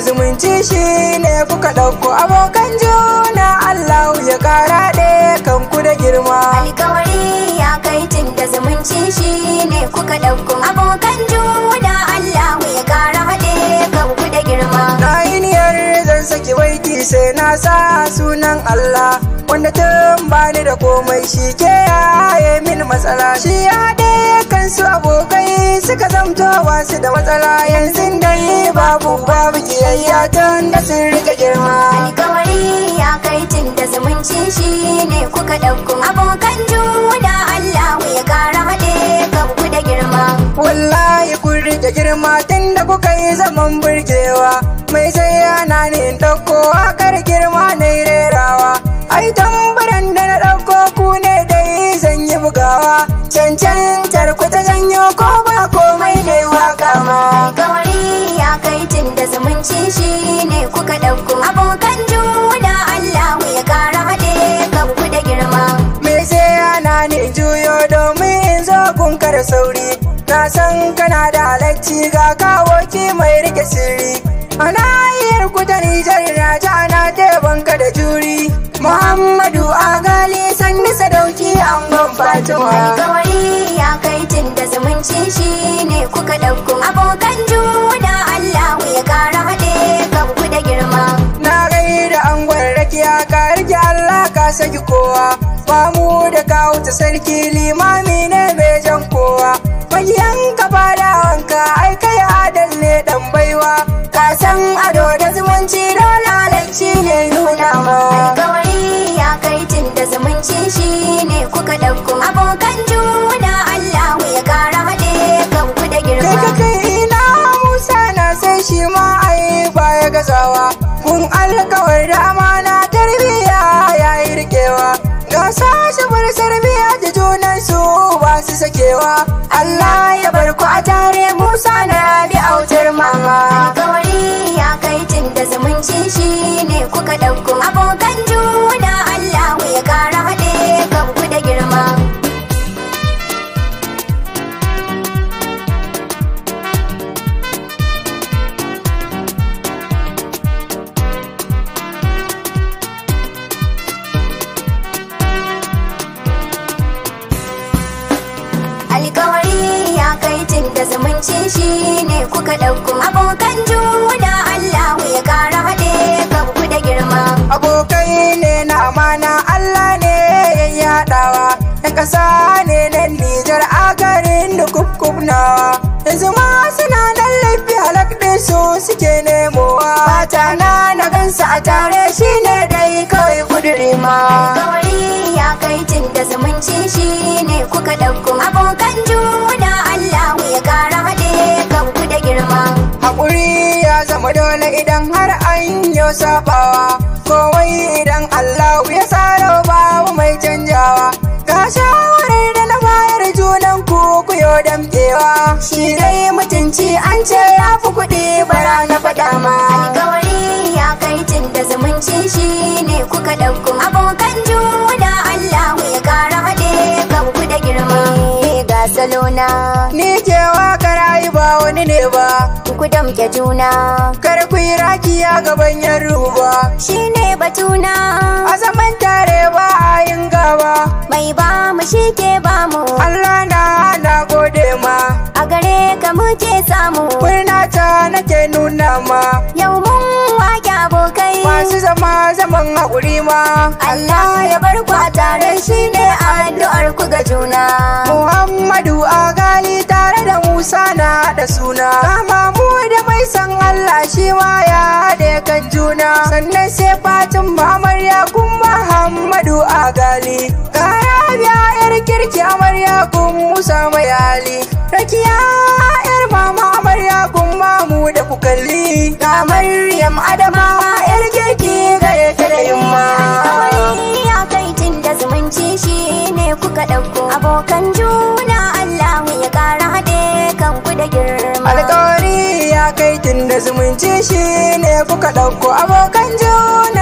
zumunci shi ne kuka ɗauko abokan juna Allah ya ƙara kan ku da girma. Alkawari ya kai tun da zumunci shi ne kuka ɗauko abokan juna Allah ya ƙara kan ku da girma. Na yi niyyar zan saki waiti sai na sa sunan Allah wanda tun bani da komai shi ke yaye min matsala shi ya haɗe kansu abokai suka zamto wasu da matsala yanzu dai babu babu kiyayya tun da sun rika girma. Alkawari ya kai tun da zumunci shi ne kuka ɗauko. Abokan juna Allah ya kara haɗe kanku da girma. Wallahi kun rike girma tun da kuka yi zaman burgewa mai sai da sauri na san kana da halacci ga kawoki mai rike sirri a nahiyar kutani ta nijar na ta na da juri muhammadu agali sanni sadauki an ban fatima alkawari ya kai tun da zumunci shi ne kuka dauko abokan juna allahu ya kara haɗe ku da girma na gaida an gwarraki ya rike allah ka saki kowa famu da kawo ta sarki limami ne mai jan kowa magiyan ka bada da hanka ai kai adal ne dan baiwa ka san ado da zumunci da lalaci ne nuna ma kawai ya kai tun da zumunci shi ne kuka dauko ya sa shi sarbiya da junansu ba su sakewa Allah ya barku a tare Musa na da zumunci shi ne kuka ɗauko abokan juna Allah ya kara haɗe ku da girma abokai ne na amana Allah ne ya yaɗawa ɗan ƙasa ne na Nijar a garin da kubkubnawa yanzu ma suna nan laifi halak su suke nemowa fata na na gansa a tare shi ne dai kawai kudurima kawai ya kai da zumunci shi ne kuka ɗauko kuma dole idan har an yi sabawa kowai idan Allah ya tsaro babu mai canjawa ga shawarar da na bayar junan ku ku yo shi dai mutunci an ce ya fi kuɗi bara na faɗa ma alkawari ya kai cin da zumunci shi ne kuka ɗauko abokan juna Allah ya kara haɗe kan ku da girma ga salona ni kewa ba wani ne ba ku damke juna kar ku yi rakiya gaban yaruba shine batuna a zaman tare ba a yin gaba mai ba mu shi ke ba mu Allah na na gode ma a gare ka muke samu kurnata ta nake nuna ma yau mun wake abokai masu zama zaman haƙuri ma Allah ya bar ku tare shine addu'ar ku ga juna Muhammadu a Musa na da suna mu da mai san Allah shi ma ya kan juna sannan sai fatin amarya kun Muhammadu a gali Kara biya yar kirki amarya kun Musa mai hali Rakiya yar mama amarya kun mamu da kukalli Kamar Maryam zumunci shi ne kuka ɗauko abokan juna